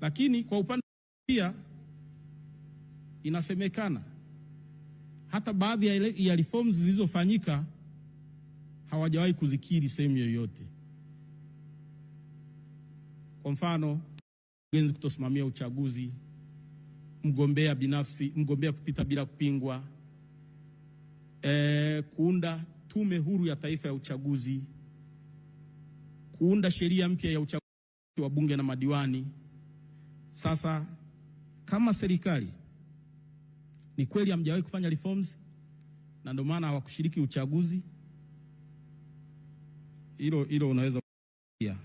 Lakini kwa upande pia inasemekana hata baadhi ya reforms zilizofanyika hawajawahi kuzikiri sehemu yoyote. Kwa mfano, mkurugenzi kutosimamia uchaguzi, mgombea binafsi, mgombea kupita bila kupingwa, e, kuunda tume huru ya taifa ya uchaguzi, kuunda sheria mpya ya uchaguzi wa bunge na madiwani. Sasa kama serikali ni kweli hamjawahi kufanya reforms na ndio maana hawakushiriki uchaguzi, hilo hilo unaweza kusikia.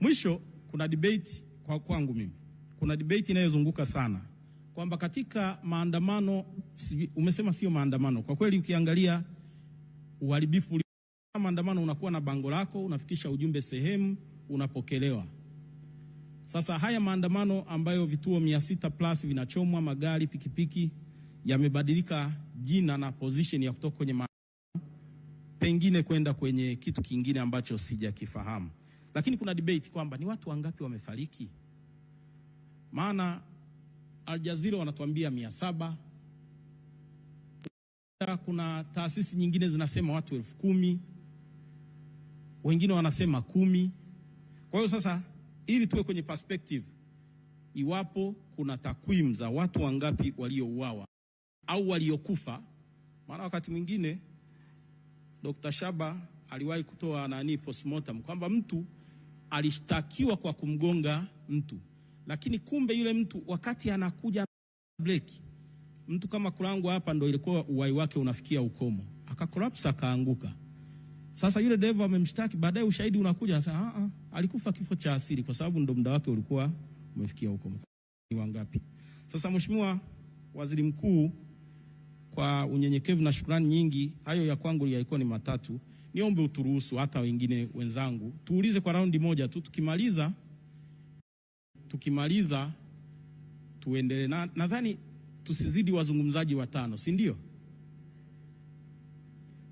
Mwisho, kuna debate kwa kwangu mimi, kuna debate inayozunguka sana kwamba katika maandamano, umesema sio maandamano. Kwa kweli ukiangalia uharibifu maandamano, unakuwa na bango lako, unafikisha ujumbe sehemu, unapokelewa sasa haya maandamano ambayo vituo mia sita plus vinachomwa magari, pikipiki, yamebadilika jina na position ya kutoka kwenye maandamano pengine kwenda kwenye kitu kingine ambacho sijakifahamu, lakini kuna debate kwamba ni watu wangapi wamefariki. Maana Al Jazeera wanatuambia mia saba kuna taasisi nyingine zinasema watu elfu kumi wengine wanasema kumi. Kwa hiyo sasa ili tuwe kwenye perspective, iwapo kuna takwimu za watu wangapi waliouawa au waliokufa. Maana wakati mwingine Dr. Shaba aliwahi kutoa nani postmortem kwamba mtu alishtakiwa kwa kumgonga mtu, lakini kumbe yule mtu wakati anakuja break mtu kama Kulangwa hapa ndo ilikuwa uwai wake unafikia ukomo, akakolapsa akaanguka. Sasa yule dereva amemshtaki, baadaye ushahidi unakuja anasema a ah, a, ah, alikufa kifo cha asili kwa sababu ndo muda wake ulikuwa umefikia huko. Ni wangapi? Sasa Mheshimiwa Waziri Mkuu, kwa unyenyekevu na shukrani nyingi, hayo ya kwangu yalikuwa ni matatu. Niombe uturuhusu hata wengine wenzangu tuulize kwa raundi moja tu, tukimaliza tukimaliza tuendelee. Nadhani tusizidi wazungumzaji watano, si ndio?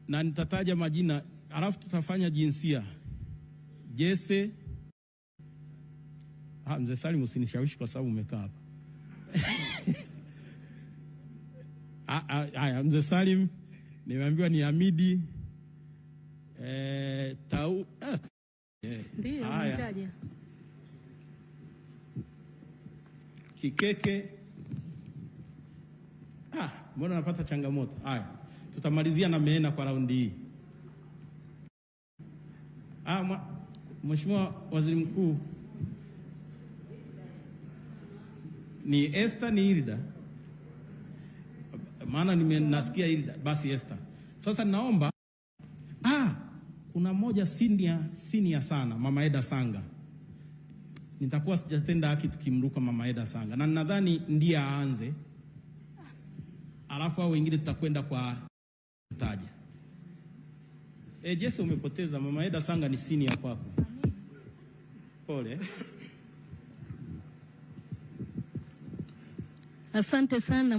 Na nitataja majina alafu tutafanya jinsia jese. Ah, mzee Salim usinishawishi kwa sababu umekaa hapa ah, ah, haya. Mzee Salim nimeambiwa ni Hamidi eh, tau ah. Eh, ndio Kikeke. Ah, mbona napata changamoto haya. Tutamalizia na Meena kwa raundi hii. Ah, Mheshimiwa Waziri Mkuu, ni Esther ni Hilda, maana nimenasikia Hilda, basi Esther. Sasa naomba ah, kuna mmoja senior senior sana Mama Eda Sanga, nitakuwa sijatenda haki tukimruka Mama Eda Sanga, na nadhani ndiye aanze, alafu hao wengine tutakwenda kwa taja E, Jesse umepoteza. Mama Eda Sanga ni senior kwako, pole. Asante sana.